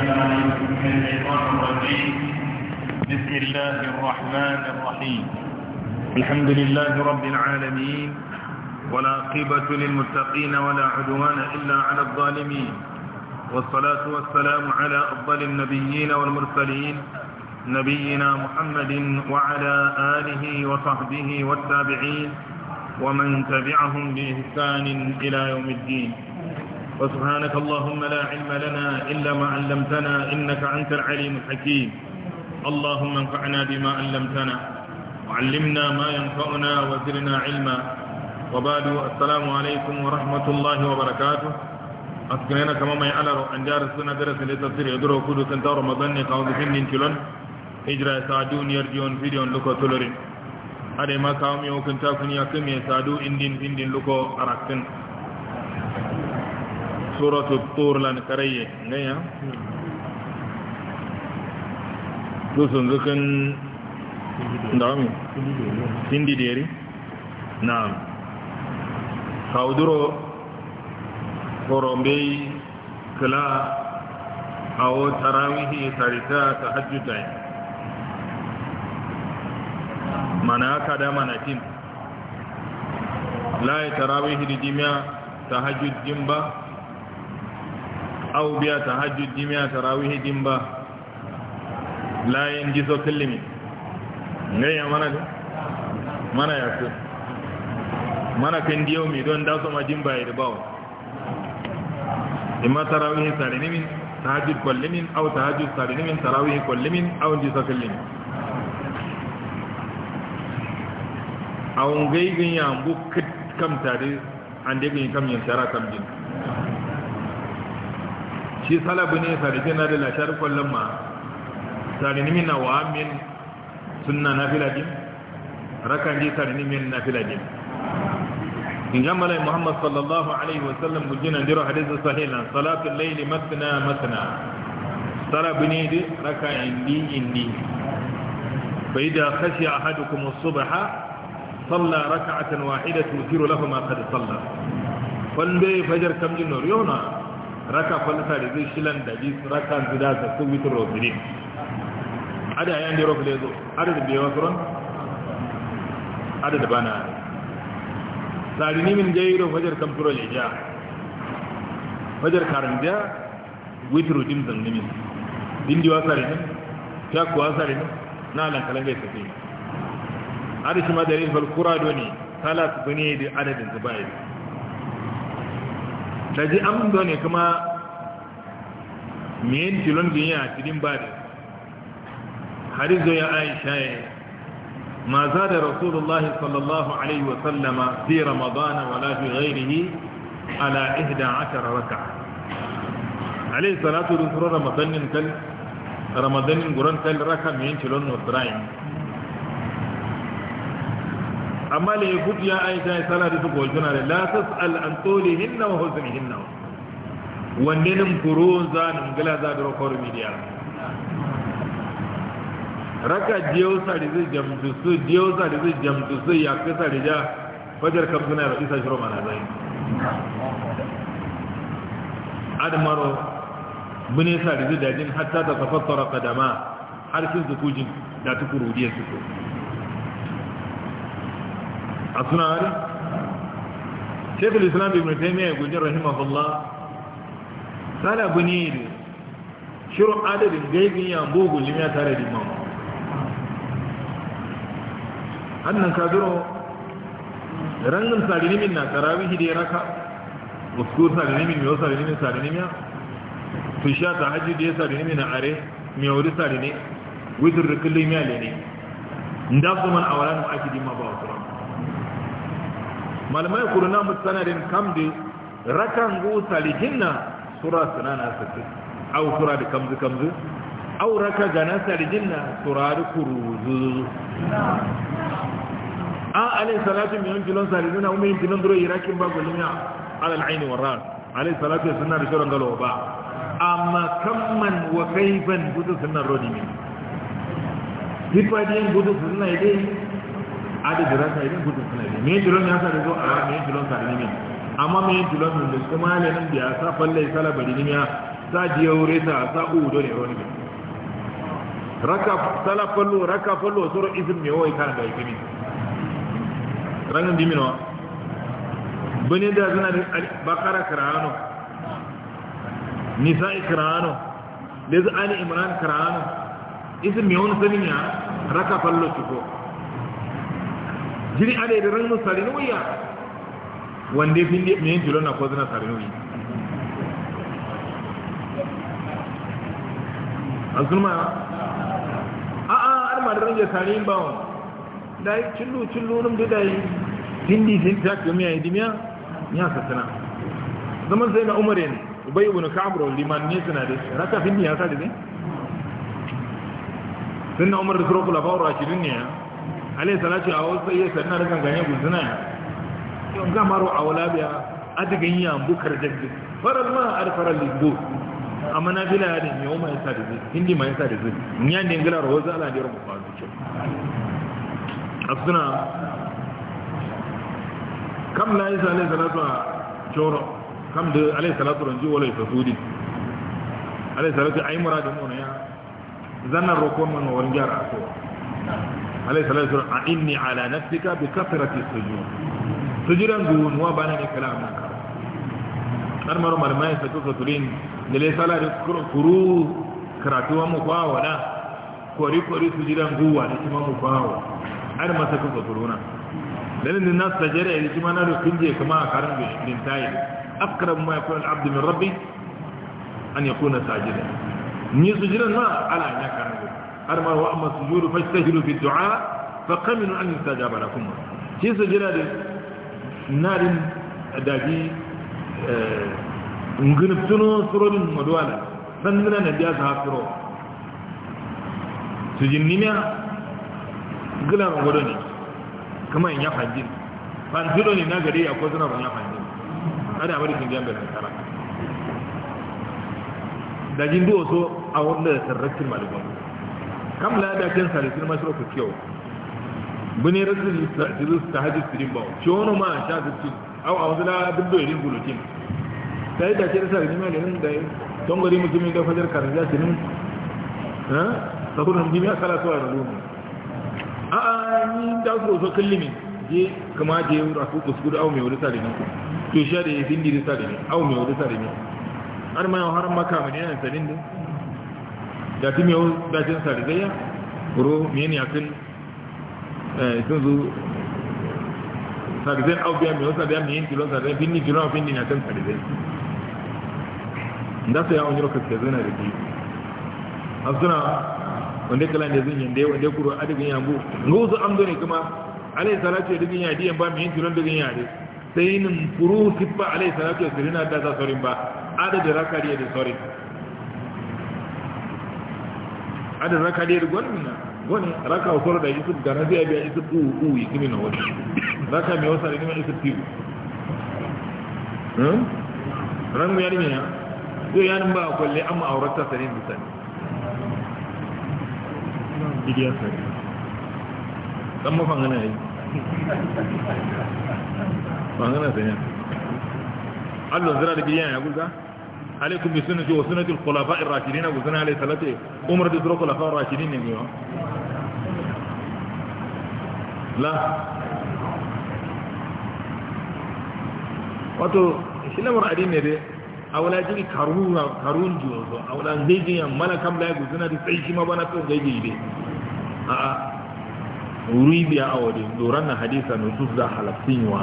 بسم الله الرحمن الرحيم الحمد لله رب العالمين ولا قبة للمتقين ولا عدوان إلا على الظالمين والصلاة والسلام على أفضل النبيين والمرسلين نبينا محمد وعلى آله وصحبه والتابعين ومن تبعهم بإحسان إلى يوم الدين وسبحانك اللهم لا علم لنا إلا ما علمتنا إنك أنت العليم الحكيم اللهم انفعنا بما علمتنا وعلمنا ما ينفعنا وزرنا علما وبعد السلام عليكم ورحمة الله وبركاته أسكننا كما ما يعلر أن جارس سنة درس لتفسير يدره كدو سنتا رمضان يقاوض فين كيلون هجرة سعدون يرجون فيديون لكو تولرين هذا ما كاومي وكنتا كنيا كمي سعدو اندين اندين لكو أراكتن suratu tur lan karaye ngaya to sun zukan ndami sindi deri na'am kauduro korombe kala awo tarawihi sarita tahajjudai mana kada mana tin la tarawihi dijimia tahajjud jimba أو بها تهجد جميع تراويه جنبا لا ينجز كلمة غير منا منا يكون mana kan diyo mi don da ma jimba ya bawo imma tarawih sarinimin tahajjud kullimin aw tahajjud sarinimin tarawih kullimin aw jisa kullin aw ngai gin ya mbu kit kam tare an de gin kam yin tara kam jin shi salabu ne sarike na da lashar kwallon ma sarini min na wa min suna na filadin rakan ji sarini min na filadin in ga malai muhammad sallallahu alaihi wasallam mujina diro hadisun sahilan salatun laili masana masana salabu ne da raka indi indi bai da kashi a hadu kuma subaha صلى ركعة واحدة تثير له ما قد صلى فالبي فجر كم جنور يونا raka falsa da zai shilan da bi raka zida da su witr rosini ada yayin da rokle zo ada da biya wasu ada da bana sari ni jairo fajar kam turo le ja fajar karan ja wita jim zan ni min din diwa kuwa na lankalan gai sai ada shi ma da kura doni talas bane da adadin zubayi ta ji daji amdo ne kuma miyen tilon duniya cikin bari harizo ya aisha ya ma za da rasulullahi sallallahu alaihi wasallama fi ramadana wala fi ghairihi ala ihda ashara raka alaihi salatu rusurar ramadanin kal ramadanin guran kal raka miyen tilon nusra'in amma la yaqut ya aisha ya sala da su ko juna da la tasal an hinna wa husnihinna wanne nin kurun za nin gila za da rokor midiya raka jiyo sa da zai jamtu su jiyo sa da zai jamtu su ya kasa da ja fajar kam suna da isa shiro mana zai admaro bune sa da zai dajin hatta ta tafattara kadama har sun zukujin da tukuru diya su a suna hari shekul islam ibn taimiyya gujin rahimahullah tsada bu ne da shirin adadin gaibin yan bugu limiya tare da imam annan kaduro rangin salinimin na karabin hidiyar raka muskur salinimin miyo salinimin salinimiya su sha ta hajji da ya salinimin na are miyo wuri salini witin rikin limiya ne ne nda su man awalan mu ake ba malamai kuruna musanarin kamdi rakan gu salihinna sura sunana sassi au sura da kamzu kamzu au raka gana salihinna sura da kuruzu a alai salatu miyan kilon salihina umarin kilon duro irakin ba gulmiya alal aini warra alai salatu ya suna da shirin galo ba amma kamman wa kaifan gudu sunan rodimi sifadiyan gudu sunan idai adadin rasa idan gudun suna ne me jilon ya sa da zo a me jilon sa ne amma me jilon da kuma ne nan biya sa falle sala bari ne ya sa diyo resa sa u do ne roni raka sala fallo raka fallo suru izin me wai kan da yake ranan dimino bane da zana da bakara karano nisa ikrano da ali imran karano izin me wani sanin ya raka fallo ciko jiri ade da rannu sarinuya wanda fi ne mai jiro na kozina sarinuyi azuma a a an ma da range sarin bawon da yi cillu cillu nun da yi hindi hin ta ke miya idimiya ya sassana. zaman sai na umarin ubai ibn ka'ab ro liman ne suna da shi? raka hindi ya sa da ne na umar da sura kula bawra shirin ne ya alayhi salatu wa sallam sai sannan da kan ganye guzuna yau ga maro a biya a daga bukar farar ma a farar ligbo amma na fila yadda mai oma yasa da hindi ma yasa da zai in yan dingila rawar zala da yawan kam la yasa alayhi salatu a joro kam da alayhi salatu ranji wala yasa alayhi salatu ay yi mura ya zannan rokon mana wani gyara a kowa عليه الصلاة والسلام إني على نفسك بكثرة السجود سجود نقول وبانا كلامنا أرمى رمى الماء ستوصلين للي صلاة كرو كراتوا مفاولا كوري كوري سجود نقوة لكما ما أرمى ستوصلون لأن الناس تجرى لكما نارو كنجي كما أكارن بنتاين أقرب ما يكون العبد من ربي أن يكون ساجدا ني سجود ما على أن يكارن har ma wa amma sujudu fashtahilu fi du'a fa qaminu an yustajaba lakum shi jira da narin daji ngirtuno surodin madwala sandana na biya sa suro sujinnimiya gila gwado ne kuma in ya fangin fangiro ne na gari akwai suna ban ya fangin ada bari kin jambe da kara da jin duwo so a wanda da sarrakin malubar kam la da ken sare sin masro ko kiyo bune rasul sadiru tahajjud sirin ba chono ma sha dutti aw awzala dubbe irin gulutin sai da ken sare ni ma lenin da tongori mutumi da fajar karja sirin ha saburin dimiya kala to a rubu a a ni da ko so kallimi je kuma je wura ku kuskudu aw me wuri sare ni to sha da yin diri sare ni aw me wuri sare ni har ma har maka mun yana sanin din dati mi e, o dati sari zaya ro mi ni akin eh tunzu sari zai au biya mi o sari mi inti lo sari bin ni jira bin ni akin sari zai nda ka ke zana da ki asuna wanda kala ne zin yande wanda kuro adigin yambu ngozu amdo ne kuma alai salatu adigin yadi yamba mi inti lo adigin yadi sai nin furu sibba alai salatu sirina da sa sorin ba adadin ya da sorin ada raka dai gwanin na raka wasu da isu da na zai biya isu uwu uwu yi kini na wasu raka mai wasa da nima isu tiwu ran mu yarmi ya zai yanin ba a amma aurata sani musani gidiya sani dan mafan gana yi ban gana sani allon zira da gidiya ya guza عليكم بسنتي وسنه الخلفاء الراشدين ابو سنه عليه ثلاثه عمر بن ذروه الخلفاء الراشدين نيو لا واتو اسلام رادين ني دي اولا جي كارون كارون جو اولا زي دي ملك ام لا غزنا دي سي ما بنا تو جي دي ا ا وري بي اودي دوران حديثا نصوص ذا حلفين وا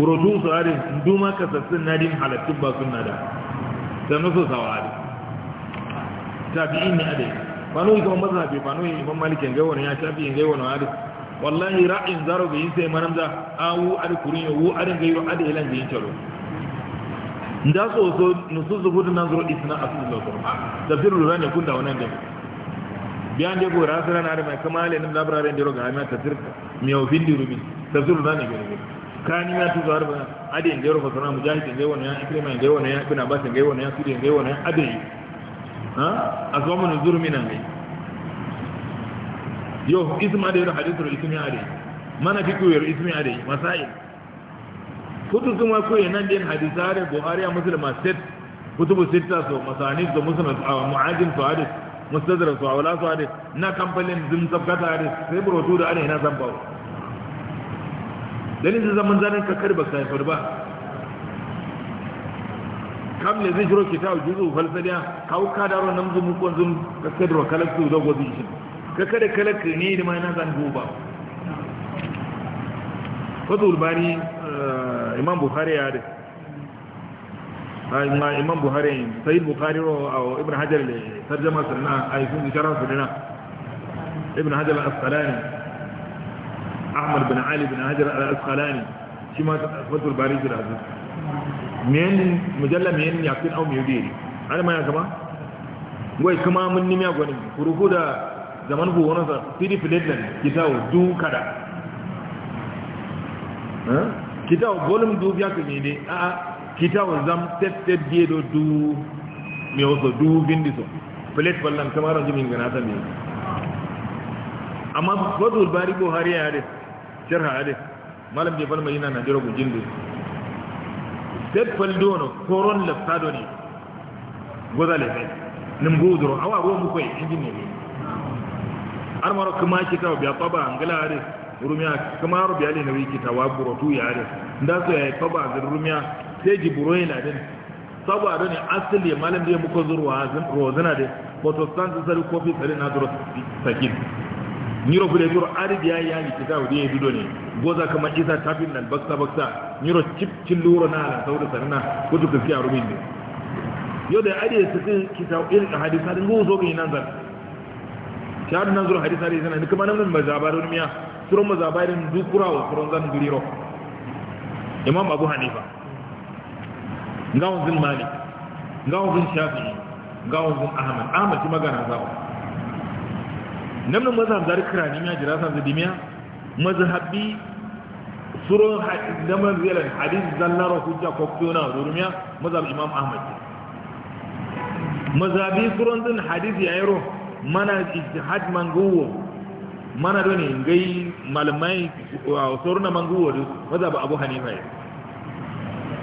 burotu su ari duma kasassun nadin halattun ba sun nada sannu su sawari tabi'in ne adai fano yi kama mazhabi fano yi imam malikin gaiwa ya shafi yin gaiwa na ari wallahi ra'in zaro ga yin sai maramza awu ari kurin yawu arin gaiwa adai ilan ga yin taro da so so nusu zubutu nan zuro isna asu zuwa ah, tafsir lura ne kun da wannan da biyan dai ko rasu ranar mai kamalin lalin labarin da roga hamiya tafsir mai ofin rubi. tafsir lura ne gari kani ya tu zarba adin ngai rofa sana mujahid ngai wani ya ikrima ngai wani ya ibn abbas ngai wani ya sudi ngai wani ya ade ha azwamu nuzur minan ngai yo isma da hadithu ismi adai, mana fi kuyar ismi adai masail kutu kuma koyi nan din da buhari a musulma set kutubu sita so masanid da musulma a ah, mu'ajin to hadis mustadrak to awla to hadis na kamfanin zin sabkata hadis sai burotu da ade na zambawa Dalin dalilin zaman zanen kakar ba saifar ba kam ne zai shiro kita juzu falsariya kawo kadaro nan zumu kwanzun kakar wa kalaktu da gwazin shi kakar da kalaktu ne da mai na zan goba fatul bani eh, imam bukhari ya da ah, imam bukhari sayyid bukhari ro ah, ibn hajar tarjama sanna ay sun isharar sunna ibn hajar al-asqalani ahmad bin ali bin hajar al-asqalani shi ma fatul bari da da men mujalla men ya kin au miyudi har ma ya kama wai kuma mun nimi a gwanin kuruku da zaman ku wani sa tiri filetlan kitawo du kada kitawo volume du biya ku ne a a kitawo zam tet die do du mi oso du bindi so filet wallan kamar jimin gana ta ne amma fatul bari buhari ya hadis a ade malam je mai mayina na jiro gujindu det fal dono koron ne goza godale be nim gudro awa go mu koy injini ne ar maro kuma ki taw biya baba angala ade rumiya kuma ro biya le nawi ki tawa buro tu ya ade nda so ya baba gar rumiya sai ji buro ina din saboda ne asali malam je mu ko zurwa zan rozana de protestant sai ko fi na duro sakin nyiro bule toro ari biya ya ni kita wudi ya dudo ne goza kamar isa tafin nan baksa baksa nyiro chip luro na ala sauru sanana kutu kasi rubin ne yo da ari su kin kita irin hadisa din gozo ga nan zan shahadu nan zuru hadisa din sanan kuma nan mazabarun miya suron mazabarin dukura wa suron zan guriro imam abu hanifa ngawon zin malik ngawon zin shafi'i zin ahmad ahmad shi magana zawo namnu mazhab zar kirani ya jira san dimiya mazhabi suro zaman zelan hadis zallara hujja ko kuna rumiya mazhab imam ahmad mazhabi suron din hadis yayro mana ijtihad manguwo mana doni ngai malamai surna manguwo mazhab abu hanifa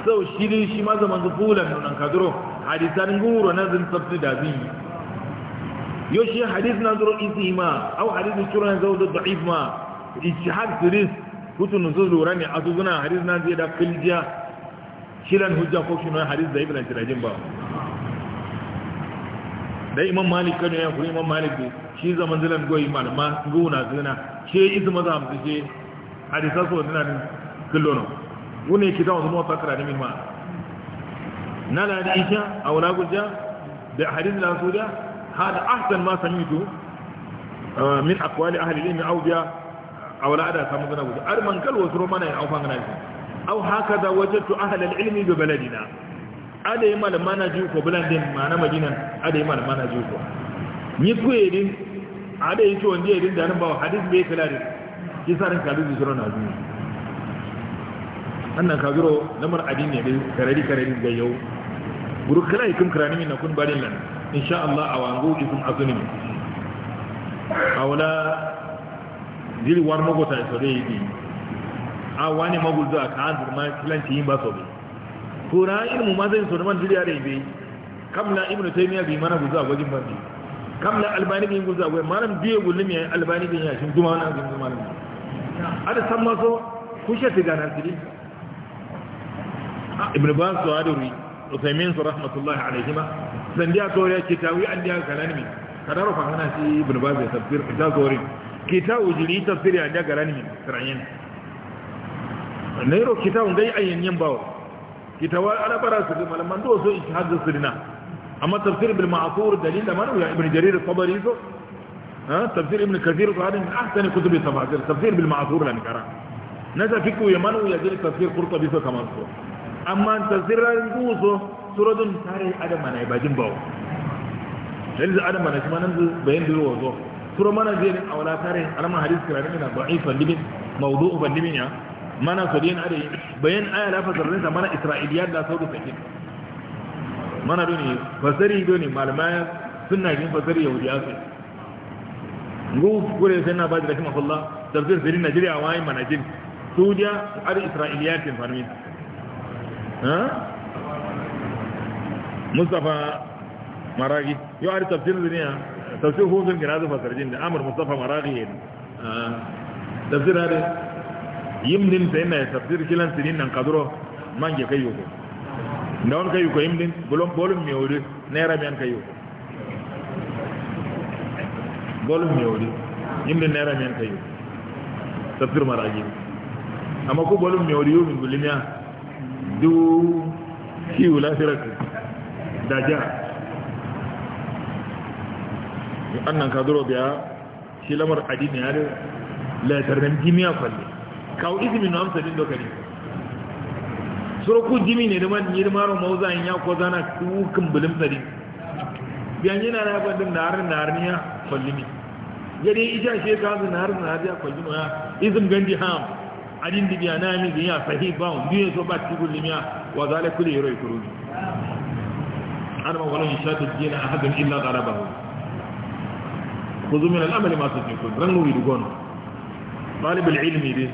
sau shi shi mazhab manguwo lan nan kadro hadisan guro nazin zin da zin yoshi hadith na zuru isima ma au hadith turan na da'if ma ijtihad siris kutu nusu lura ne a tuzuna hadith na zai da filjiya shiran hujja ko shi na hadith da ibn shirajin ba da imam malik kan ya kuri imam malik shi zaman zilan goyi malama guna zuna ce izu maza hamsu ce hadisa so zina ne kullono wune kita wasu mu? kira ne min ma nana da isha a wula gujja da hadith da su da هذا أحسن ما سميته من أقوال أهل العلم أو بيا أو لا أدى سامغنا وجه أرمن قال وسرمنا أو فانغنا أو هكذا وجدت أهل العلم ببلدنا أدى ما لما نجيوك بلندن ما نمجينا أدى ما لما نجيوك نيكويرين أدى يشو أن يرين دارن باو حديث بيك لاري كالو يسرون عزمين annan أنا كابيرو نمر ne dai karari karari ga yau guru kana كراني من nan kun لنا in sha Allah a wango izin azumin a wula jirwar magota ya sauraya yi biyu a wani magulzu a kan zirma filanci yin ba sau biyu ko ilmu ma zai sauraya man jirya da yi biyu kamla ibn taimiyya bi mana guzu a gwajin ban biyu kamla albani bin guzu a gwajin mana biyu gulmi ya yi albani bin yashin zuma wani azumin zuma ne a da san maso kushe ta gana siri ibn ba su wa da rui Utaimiyyar su rahmatullahi alaihima sandiya kawai kitawi an diya kalanmi kada rufa hana shi ibn babu ya tafsir kita kawai kita ujili tafsir ya diya kalanmi sarayen na yaro kita wanda yi ayyanyen bawa kita wa ana bara su malaman do so ishi hajji su dina amma tafsir bil ma'asur dalil man ya ibn jarir tabari so tafsir ibn kathir so hadin ahsan kutub tafsir tafsir bil ma'asur lan kara nasa fiku yamanu ya dil tafsir qurtubi so kamar so amma tafsir ran guso surodun tare adam mana ibajin bawo yanzu adam mana kuma nan bayan duro wazo turo mana zai ne awala tare alama hadis kirarin yana da'ifan limin mawdu'u ban limin ya mana sodiyan are bayan aya la fasarin sa mana isra'iliyat da sauki take mana doni fasari doni malama sunna yin fasari yahudiya sai ngu gure sai na ba da kuma rahimahullah tafsir sirri najeriya wai mana jin saudiya ar isra'iliyat fan min ha mustapha maragi yau a tafsir duniya tafsir hufin gina zufa sarjin da amur mustapha maragi ya ah, tafsir hadin yimdin ta yana tafsir kilan sinin nan kaduro man ke kai yoko da wani kai yoko yimdin bolon bolon mai wuri naira miyan kai yoko bolon mai wuri yimdin naira miyan kai yoko tafsir maragi amma ko bolon mai wuri yau min gulimiya du kiwu lafiyar da jiha ka kaduro biya shi lamar adini ya laitar nan jimiya kwalle. falle kawo izini na amsa din doka ne surukun jimi ne da mani yi maro mauzayin ya ko zana kukan bulim tsari biyan yana na yaba din narin narin ya kwalli ne yadda ya ija shi ka hanzu narin narin ya kwalli ne izin gandi ham adin dibiya na yami ya sahi ba wani ya so ba cikin limiya wa zalai yaro ya kuro ne Alama walannin shi ya tafi jiya a haɗin illan alama. Kuzo min al'amma ne masu jinsu, zan yi widiyo ne. Balibal ilimi ne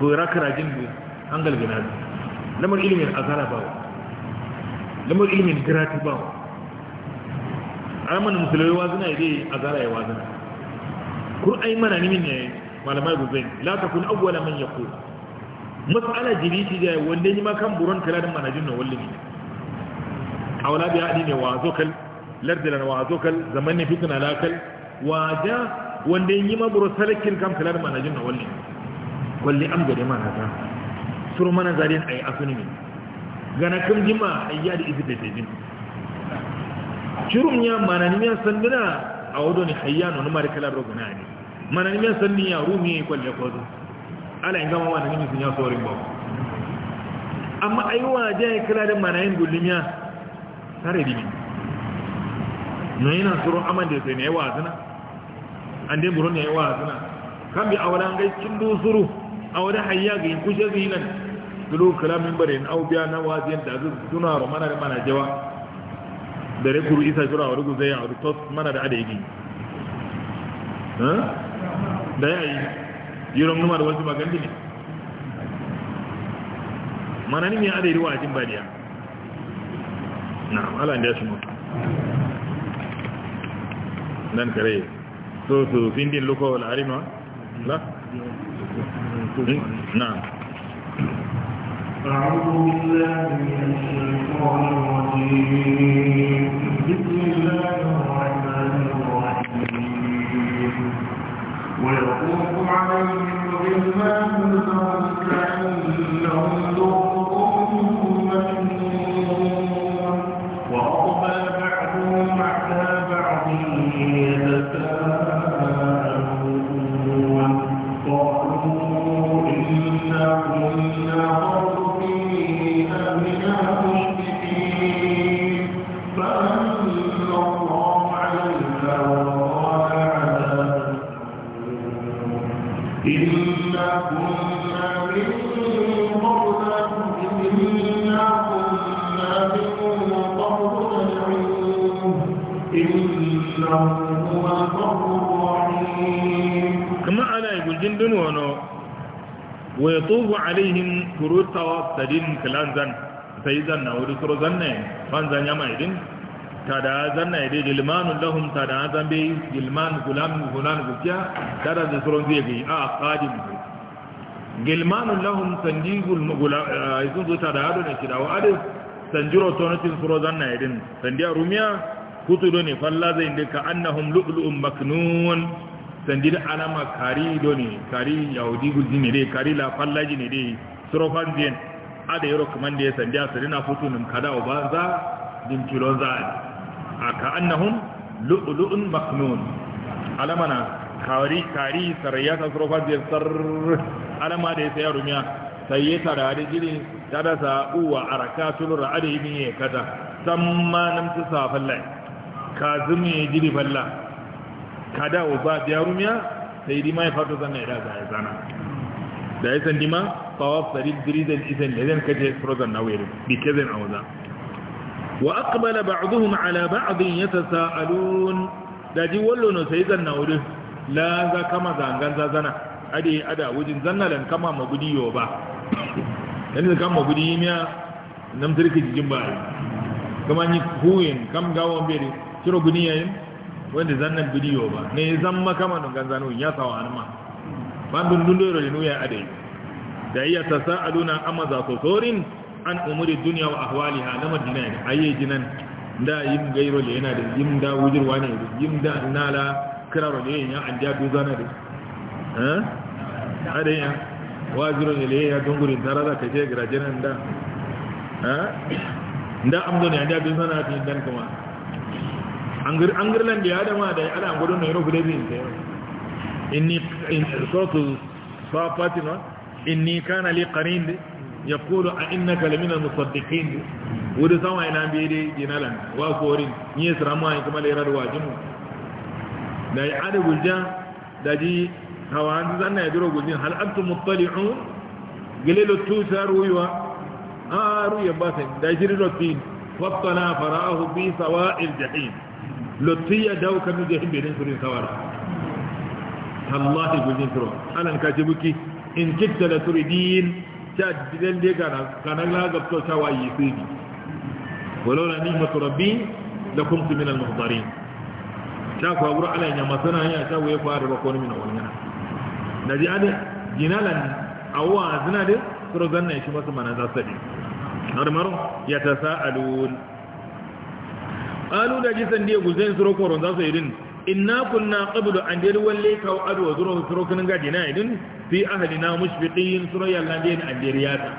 su raƙarajin da hangal gina jiki. Lamar ilimin azara ba. Lamar ilimin wa zina yadda azara ya waza. Kur'an mananimin ne malamai gudan. Lasa, kuni abu alamma ya kuka. Masu ala jibi ta ma kan buron talarin manajin na wallini. aula bi hadi ne wa zokal lardilan wa zokal zamanni fitna lakal wa ja wanda yi ma buru salakin kam kalar manajin na walli walli am gade mana ta sur mana zarin ay asuni min gana kam jima ayyadi izbe tejin shirum ya manani ya sandina a wado ne hayyano na marikalar roguna ne manani ya sandin ya rumi ya yi kwalle kwazo ala in gama wani nimi sun ya saurin ba. amma aiwa ja ya kira da manayin gulmiya tare di no ina suru da sai yi wazina an ande buron na yi wazina kan bi an gai cin dusuru a wani hayya ga kuje nan dulu kalamin bari na au biya na wazi yadda zai duna ro mana da mana jawa da rai kuru isa shura wuri guzai a wuri tos mana da adayi da ya yi yiron numa da wasu magandi ne mana ni ne adayi wa jin badiya na'am ala inda ya shi mutu nan kare so su findin luko al'arima la na'am أعوذ بالله من الشيطان الرجيم بسم الله الرحمن الرحيم ويطوف عليهم غلمان كأنهم ذرة كما أنا يقول جند ونو ويطوف عليهم فروت تواب سجين كلان زن سيدان نوري سرو زن فان زن يما يدين tada zanna dai gilmanun lahum tada zambe gilman gulam gulan gukiya tada da suron zai gai a qadim gilmanun lahum sanjigul gulam eh, izun zuta da hado ne kidawa ade sanjiro tonatin suro zanna din sandiya rumiya kutudo ne falla zai inda ka annahum lu'lu'un maknun sandida alama kari do ne kari yahudi gulji ne dai kari la ji ne dai suro fanzien ada yaro kaman da ya sandiya sirina futunun kada wa banza din kilon za'a a ka'annahun lu'ulu'un maknun alamana kawari kari sarayya ta tsoron fadiyar tsarar alama da ya tsaye rumiya sai ya tara da jirin ta da sa'uwa a raka tunu ra'adai min ya kata san ma nan ta sa falla ka zumi ya jiri falla ka uba da rumiya sai yi dima ya fato zan na idaza zana da ya san dima tsawaf tsari jirin da ita ne zan kaje tsoron na wuri bi ke zan a wa aqbala ba'dhum ala ba'dhin yatasaalun daji wallo no sai zanna wuri la za kama zangan za zana ade ada wujin zanna lan kama magudi yo ba yanzu kan magudi miya nam tirki jijin ba Kuma ni huyin kam gawon bere kiro yin, wanda zannan bidiyo ba ne zan makama don ganzano ya sawa an ma ban dundun doro ne ya adai da iya ta sa'aluna amma za ku sorin an umuri duniya wa ahwaliha na madina ne ayi jinan da yim gairo le yana da yim da wujirwa ne yim da nala kiraro le yana an da zana da eh ada ya wajiro le ya dungurin tarada kaje garajen da da amdo ne da bin sana tin dan kuma angir angirlan da adama da ala gudun ne ro gude bin tayo inni in suratu safatin inni kana li qarin yaqulu a innaka lamina musaddiqin wudu sama ina be de ginalan wa korin ni yasra mu ay kuma le radu wajimu da ya ada gulja da ji hawa an zanna ya duro guljin hal antum muttali'un gilelo tu saruwa aru ba sai. da jiri lotin fattala fara'ahu bi sawa'il jahim ya dauka mu jahim be den surin sawara Allah gujin suro alan ka buki. in kitta la turidin dende kanagla gabto tawa yisidi walaula ni'matu rabbi lakuntu min al-muhdarin ta ko gura ala ya masana ya ta waye fara ba ko ni min wannan da ji ade jinalan awwa zina de suro zanna shi masu mana za su har maro ya tasaalun alu da jisan de guzen suro koron za su din. inna kunna qablu an dir walle ka wa adu zuru zuru kun ga dina idin fi ahlina mushfiqin surayya landin an dir yata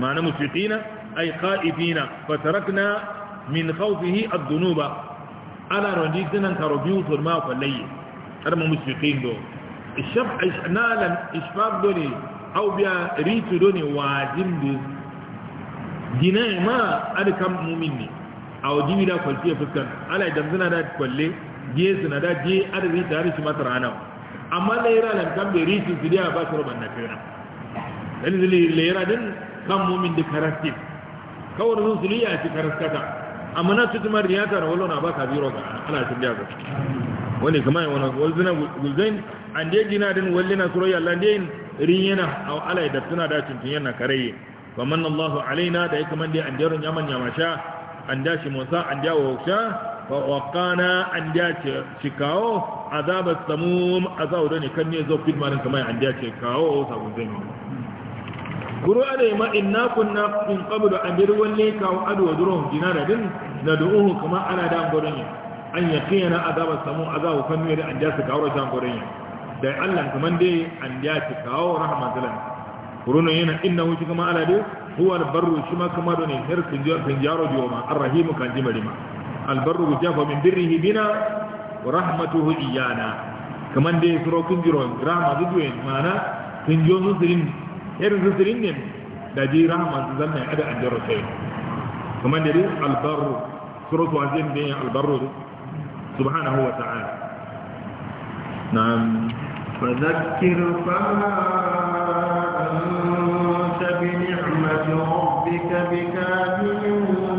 ma'ana mushfiqina ay qaifina fa tarakna min khawfihi ad-dunuba ala rondi dinan tarobiu turma kwallaye har ma mushfiqin do ishab ishnalan ishfaq dole aw biya ritu dole wajin do dina ma adkam mu'minni aw dibida kwalti fuskan ala idan zina da kwalle je na da je adadi ta shi matar rana amma laira lan kan bai risu su dia ba su roban na kira dan zili laira din kan mumin da karasti kawar sun su liya shi karaskata amma na kuma riyata na wallo na ba ka biro ga ana cin dia ga wani kuma wani na gulzain an dai gina din wallina surayya Allah dai riyana aw alai da tuna da tunyan na karaye famanna Allahu alaina da yake man dai an jarun yaman yamasha an dashi Musa an sha waƙana an da ce shi kawo a zaɓar samu a za'u kan ne zo fit marinka mai an da ce kawo a wata guzai ne guru a da yi na kunna in ƙabu da an biru kawo ado a duron jina da din na du'uhu kama ana da gudun yi an yi kiyan na a zaɓar samu a za'u kan ne da an da su kawo rashin gudun yi da allah kuma dai an da ce kawo rahama zilan kurun yana inna wuce kuma ala dai huwa da barru shi ma kama da ne hirkin jiyar jiyarwa biyu ma an kan jimarima البر جاف من بره بنا ورحمته إيانا كمان دي سورة كنجرون رحمة دوين مانا كنجون نسرين هيرن نسرين نم دا دي رحمة تزلنا أدى أن جرسين كمان دي البر سورة وازين دي البر سبحانه وتعالى نعم فذكر فما أنت بنعمة ربك بكامل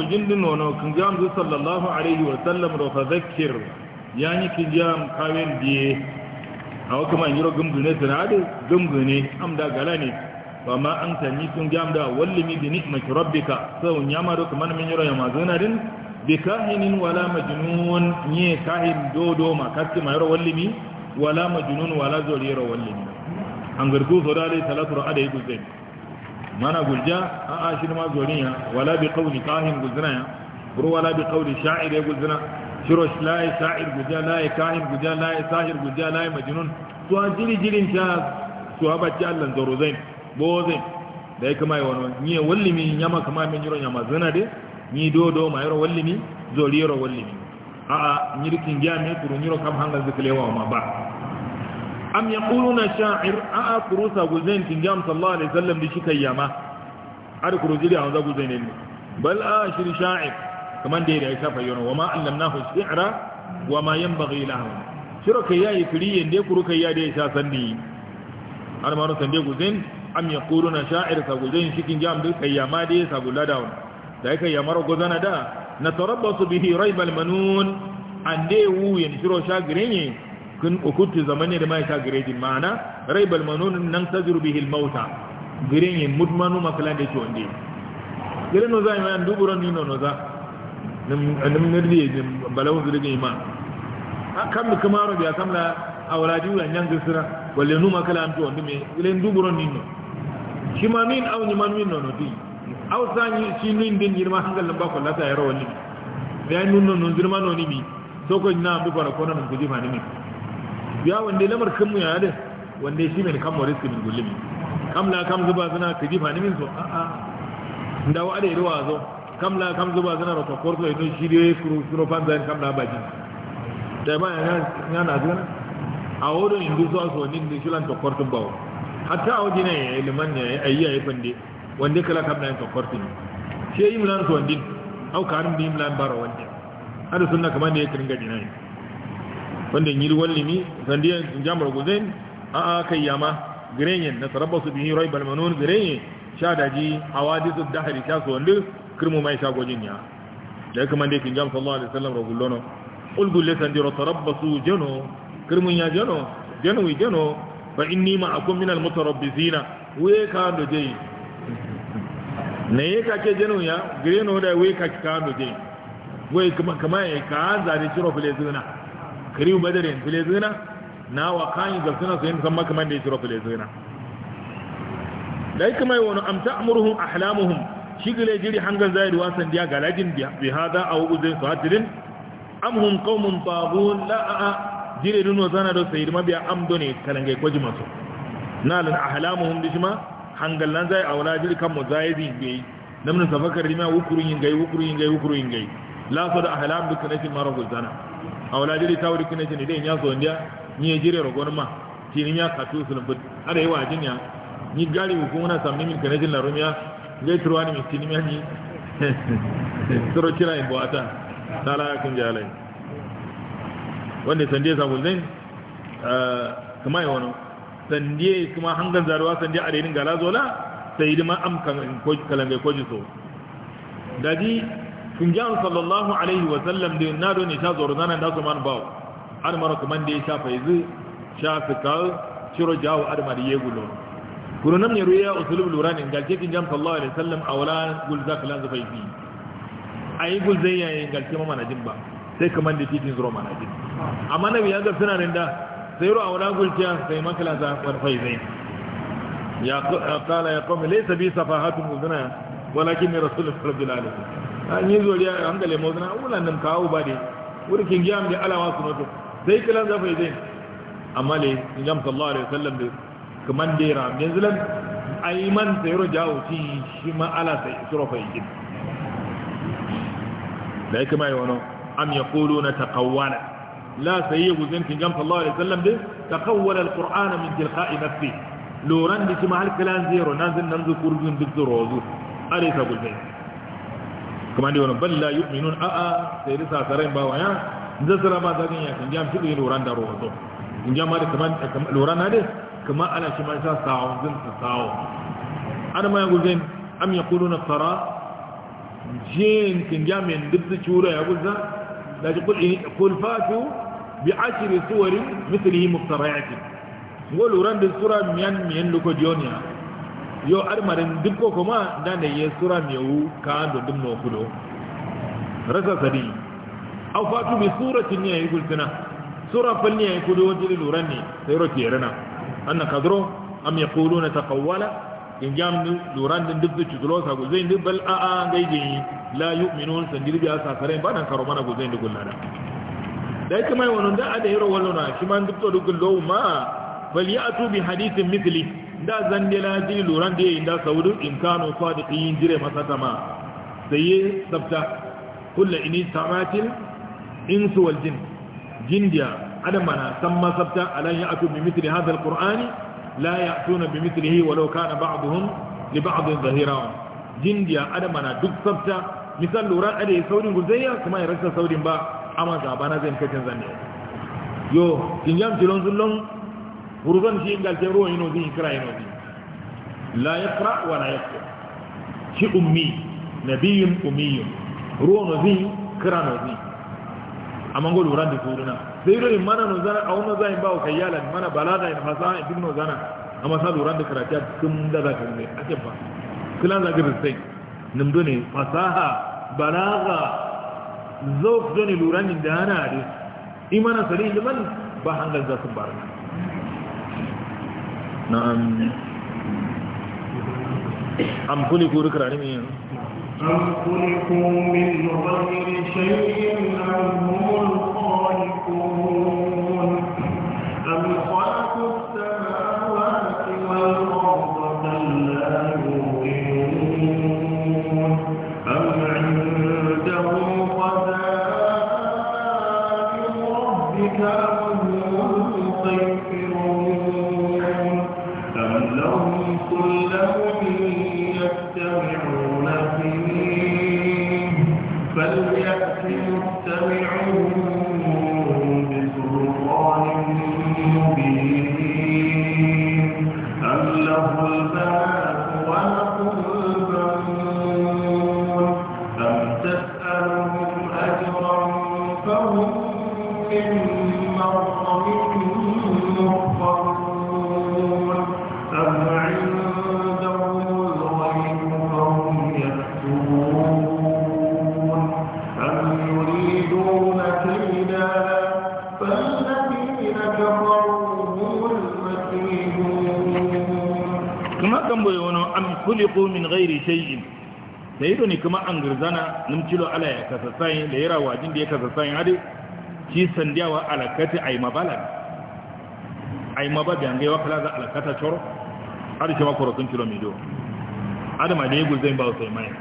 ujindin nono kinjam zu sallallahu alaihi wa sallam ro fa zakir yani kinjam kawen die aw kuma yiro gumdune tirade am da galani wa ma anta ni kinjam da wallimi bi ni'mati rabbika sau yamaru kuma min yiro yamazuna din bi kahinin wala majnun ni kahin dodo ma kasti ma yiro wallimi wala majnun wala zoliro wallimi an garku so salatu ro adai guzai mana gulja a a shi ma zoniya wala bi kauni kahin guzna ya buru wala bi kauni sha'ir ya guzna shiro la ya sha'ir gulja la kahin gulja la ya sahir gulja la ya Su to an jiri jirin ta su a bacci Allah zoro zain bo zain da ya kama wani ni walli mi nyama kama min jiro nyama zana de ni do do ma yoro walli mi zori yoro walli mi a a nyirkin jami'a turu nyiro kam hanga zikilewa ma ba am na sha'ir a a kurusa guzain tingam sallallahu alaihi wasallam da shi kai kayyama ar jiri a wanzu guzain ne bal a shir sha'ir kaman da ya yi shafa yana wa ma allam na allamnahu shi'ra wa ma yanbaghi lahu shiro kai ya yayi firiyen da kuru kai ya da ya sha sanni har ma rusan da guzain am ya ƙuru na sha'ir ka guzain shi tingam da kayyama da ya sabulla da da kayyamar guzana da su bihi raibal manun an da wuyen shiro sha shagirin kun ukutu zamani da mai ta giredin ma'ana raibal manun nan taziru bihil mauta girin yin mutmanu makala da ke wande girin noza yi mayan duburan nino noza nim nirdi balawun zirgin ima a kan mi kuma rabi a samla a wulaji wulan yan gisira wale nu makala an ciwon dume girin duburan nino shi ma min au ni man min nono di au sa ni shi nin din girma hankalin bakon lasa ya rawa ni ya yi nuna nun girma noni mi so ko na bi kona nun kuji ni mi ya wanda lamar kanmu ya da wanda shi mai kan mawariski min gulmi kam la kam zuba zana ka jifa ni min so a a da wa da ruwa zo kam la kam zuba zana ro kwarto ya ino shi dai kuru kuru fan zan kam la baji da ma ya na na zana a wodo indu zuwa so ni da shi kokor kwarto ba. hatta a wajen ne ya yi ayi ya yi fande wanda kala kam la kwarto ne. shi imlan so ndin au karim yi imlan bara wanda hada sunna kamar da ya kirin gadi fanda yiri wallimi sandiya jamar guzain a a kai yama girenyen na sarabbasu bihi rai balmanon girenyen sha daji hawadisu dahari sha su wanda kirmu mai sha gwajin ya da kuma da kin jam sallallahu alaihi wasallam ragullono ulgul le sandiro tarabbasu jano kirmun ya jano jano wi jano fa inni ma akum min al mutarabbisina we ka do je ne ka ke jano ya gireno da we ka ka do je we kuma kuma ya ka zare shiro fule zuna kariu badarin filezina na wa kayin gafsina su yin san makaman da ya shiro filezina da yake mai yawon amta amurhum ahlamuhum shigile jiri hangan zai ruwa sandiya galajin bi hada a wuzin su hatirin amhum qaumun babu la a jiri dunu zana do sayyid mabiya amdo ne kalangai kwaji masu nalan ahlamuhum dishma hangalan zai aula jiri kan muzaidi bi namna safakar rima wukurin yin gai wukurin yin gai wukurin yin gai la sada ahlam bi kanati mara zana awla ta tawri kine jini de nya zondia ni ejire rogon ma tini nya katu sulum bud ada yawa jinya ni gari ko muna samni min kene jin rumiya ngai turwani mi tini ni turo kira in boata tala kun jalai wanda sandiye sabul ne uh, kuma yawano sandiye kuma hangan zaruwa sandiye a renin gala zola sai ma am ko kalangai ko jiso dadi Kun kunjan sallallahu alaihi wa sallam da na do ne ta zoro nan da su man bawo an mara kuma da ya shafa yanzu shafi ka shiro jawo adama da yegulo kuro nan ne ruya usulul luranin galce kunjan sallallahu alaihi wa sallam awla gulza kalan zafai yi ayi gulzai yayin galce ma manajin ba sai kaman da titin zuro manajin amma nabi ya ga suna nan da sai ru awla gulciya sai makala za farfai zai ya qala ya qawmi laysa bi safahatun uzna walakin rasulullah sallallahu alaihi wa sallam ni zoriya an gale mozna wala nan kawo ba de wuri kin jam de alawa su noto zai kilan zafa yi amma le in jam sallallahu alaihi wasallam de kaman de ram ne zilan ayman sayro jawo ci shi ma ala sai isrofa yi da yake mai wano am yaquluna taqawwala la sayyibu zin kin jam sallallahu alaihi wasallam de taqawwala alqur'ana min tilqa'i nafsi loran di kuma halkalan zero nan zin nan zu kurgun duk zo rozu are sa gulbe Kuma da wani balla yi minun a'a sai risa sarai ba waya in zan sara ma zagin ya kan jam shi da loran da rawa zo in jam ma da kamar loran na dai kamar ana shi ma sa sawo zan sa sawo ana ma guzin am yaquluna tara jin kin jam min dubzi chura ya guzza da ji kulli eh, kul fatu bi ashri suwari mithlihi muftari'atin wa loran da sura miyan miyan lokodiyonia yo armarin duk ko kuma da ne ya sura wu ka da dum no kudo raka sadi aw fatu bi suratin ya yigul tana sura ne ya kudo wajiri luran ne sai ro rana anna kadro am yaquluna taqawala in jam ni luran din duk ci zulo sa guzain duk bal a a gaije la yu'minun san dirbi asa kare ba dan karo mana guzain duk lada dai kuma wannan da ada yaro wallona shi man duk to duk lo ma bal ya'tu bi hadithin mithli da zan de la da luran de inda saudu in kano kanu sadiqin jire masa tama sai sabta kullu ini samatil insu wal jin jindiya adam mana san ma sabta alan ya'tu bi mithli hadha al qur'ani la ya ya'tuna bi mithlihi walau kana ba'dhum li ba'd dhahira jindiya adam mana duk sabta misal luran ade saudin guzayya kuma ya rasa saudin ba amma zabana zan kacin zanne yo kin jam tilon zullon furgon shi ingal te ro ino bi ikra ino bi la yaqra wa la yaqra shi ummi nabiyyun ummiyyun ro no bi kra no bi amango lu randi furuna de ro in mana no zara aw no zai bawo kayala mana balada in hasa ibn no zana amma sa lu randi kra ta kun da ake ba kilan da gibe sai fasaha balaga zo zo ne lu imana sari liman ba hangal za su na am am kuli ko rukara ne yin am kuli ko min nubar shayin al ido ne kuma an gurzana nimcilo ala ya kasa sayin da yara wajin da ya kasa sayin hade shi sandiyawa alakati ay mabala ay mababa yange wa kala za alakata choro hade shi makoro kun kilo mido hade ma da ya gurzai ba sai mai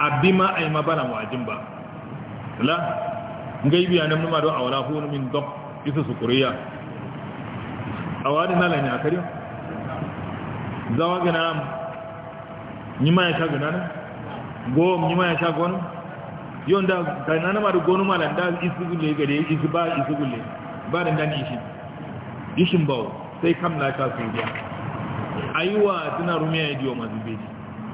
abima ay mabala wajin ba la ngai biya nan numa do awala hu min dab isa sukuriya awadi la nya kariyo zawa gana ni ya ka gana gom nyima ya sha nda yonda kanana maru gonu mala da isugule gare isu ba isugule ba da dan ishin ishin ba sai kam na ta su dia aiwa tana rumiya idiyo masu beji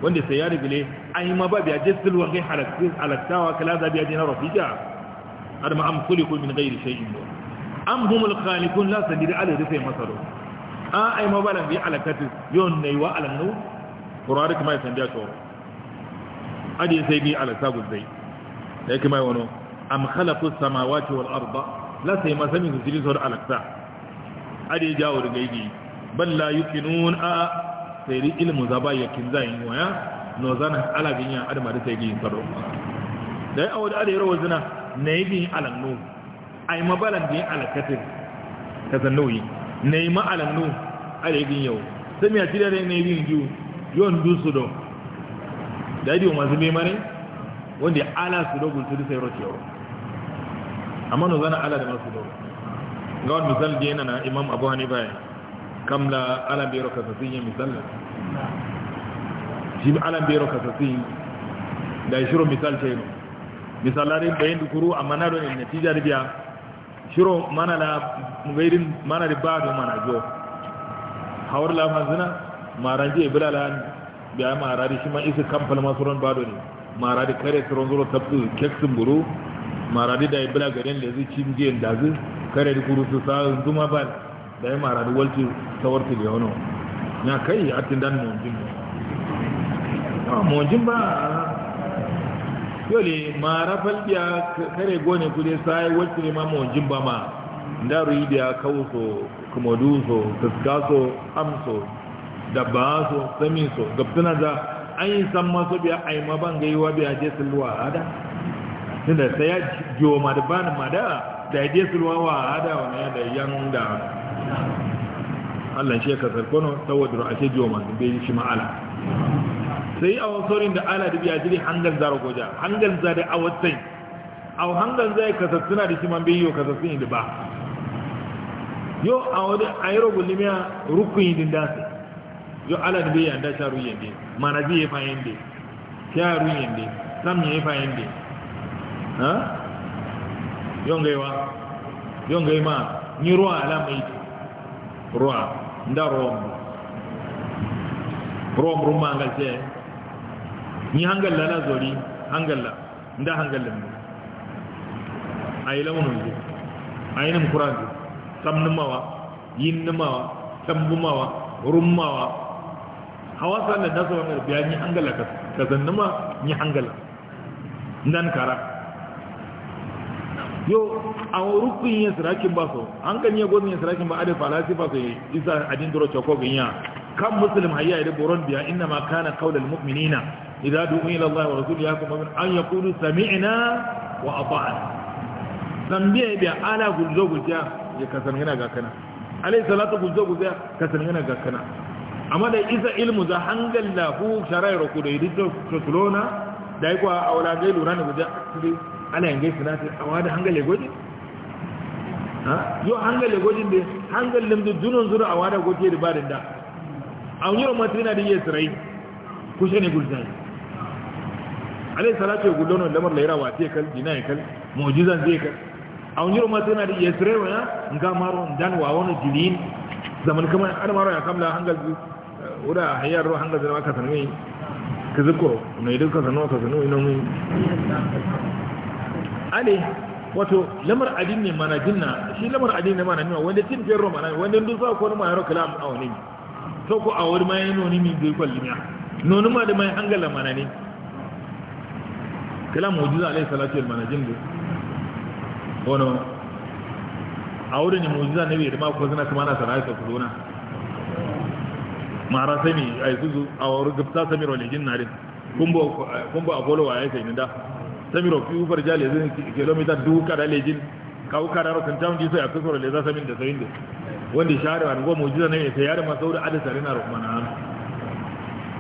wanda sai ya rigule ai ma ba biya jistil wa kai halaktis alaktawa kala za biya dina rafija ad ma am khuliqu min ghairi shay'in am humul khaliqun la sadida ala rufe masaru a ai ma balan bi alakatis yon nei wa alannu qur'an kuma ya san biya adi sai ni ala sagu zai da yake mai wano am khalaqu samawati wal arda la sai ma sami su jiri sor alaksa adi jawo da gaigi bal la yuqinun a sai ri ilimin zaba yakin zai yi waya no zana ala ginya adama da sai gi yi dai awad adi rawa zina ne gi alan nu ai mabalan gi alakatin ta zannoyi ne ma alan nu adi gi yau sai mi a jira ne ne gi ju yon dusu do dadi o mazime wanda ya ala su su tudi sey rocceo amma no zana ala dema suɗo nga wat misal na imam abu hanifa baya kam la ala biyar kasa yin misal shi ala biyar kasa siñ day suro misal teyno misallaɗen ɓayendu kuru amma naɗon en natijade mbiya Shiro mana la gayrin mana de baaɗo mana jo hawrla fansina maranji e bilala biya marari shi ma isi kampal masuron bado ne marari kare suron zuro tabtu keksin buru marari da bila garin da zai cin jiyan da zai kare da kuru su sa zuma ba da ya marari walci sawarci da yawon na kai a tun dan mojin ba mojin ba yole mara falbiya kare gone sa ya walci ne ma mojin ba ma ndaru yi da kawo so kumodu so amso da ba so sami so gabtuna za an yi san masu biya a yi maban ga yi wa biya je sulwa a hada da sai ya jiwo ma da ma da da ya je sulwa wa a hada wani ya da yan da allan shi ka sarkono saboda a ce jiwo ma da bai shi ma'ala sai a wasorin da ala da biya jiri hangar zara goja hangar za da wasai a hangar zai kasassuna da shi man biyu yi da ba yau a wani ayyar gulmiya rukun yi din dasi yo ala de ya da sharu yende marabi e fa yende sharu yende sam ye fa yende Yo ngai ma, ni ruwa ala mai ruwa nda rom rom ma angal ce ni hangal la zori hangal la nda hangal mu ayila mun ji ayina mu kuran samnumawa wa, rumma wa. hawasa da nasa wani ni hangala ka ma ni hangala nan kara yo a rukun yin sirakin ba so an kan yi gozin yin sirakin ba adai falasi ba so isa adin duro choko ganya kan musulun hayya da buron biya inna ma kana kaulal mu'minina idza du'u ila Allah wa rasul yakum kuma an yaqulu sami'na wa ata'na dan biya biya ala gulzo gulja ya kasan yana ga kana alai salatu gulzo gulja kasan yana ga kana amma da isa ilmu za hangal da sharai roku da yidda tutulona da yi kuwa a wala gai lura na guda asiri ana yin gaisu na a wada hangal ya Ha? yau hangal ya gwajin da hangal limdu dunan zuru a wada gwaji da barin da a wani yau masu yana da iya sirai kushe ne gulzani alai salatu ya gudanar lamar laira wa ce kal jina ya kal mujizan zai kal a wani yau masu yana da iya sirai wa ya ga maro dan wa wani jiliyin zaman kamar an mara ya kamla hangal eh, wada hayar ruwa hangal zama ka sanwe ka zikoro mai duka sanwa ka sanwe ina mun ale wato lamar adin ne mana jinna shi lamar adin ne mana nima wanda tin jero mana wanda duk za ko ma ro kalam a wani to ko a wani mai noni mi dai kwalli ne noni ma da mai hangala mana ne kalam mujiza alayhi salatu wal manajin do wono a wurin mu'jiza ne bai da mako zina kuma na sana'a ta kudona mara sami ai zuzu. a wurin gafta samiro ne jin narin kumbo a kolowa wa yake ne da samiro fi ufar jale zin kilomita duk kada lejin kawo kada rokun town ji sai a da le za samin da sayin da wanda share wa ngo mu'jiza ne sai yare masaudi adisa rina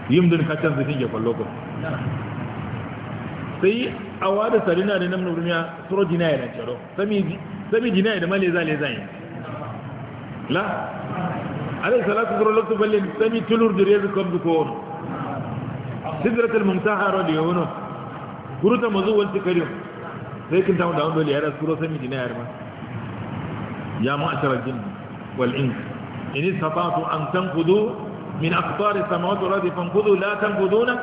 Yim din kacan zikin ke kwallo ko sai awa da sarina da namnu rumiya suro jina ya na cero sami sabi jina da maleza leza yi la alai salatu zuru lokacin balle sami tulur da rezu kwabdu ko wani sidratul mumtaha rodi ya wani kuruta mazu wani kariyo sai kin tamu da wani dole ya rasu kuro sami jina ya rama ya ma'asharar jin wal'in in istafatu an tankudu min aqtari samawati wal ardi fankudu la tankuduna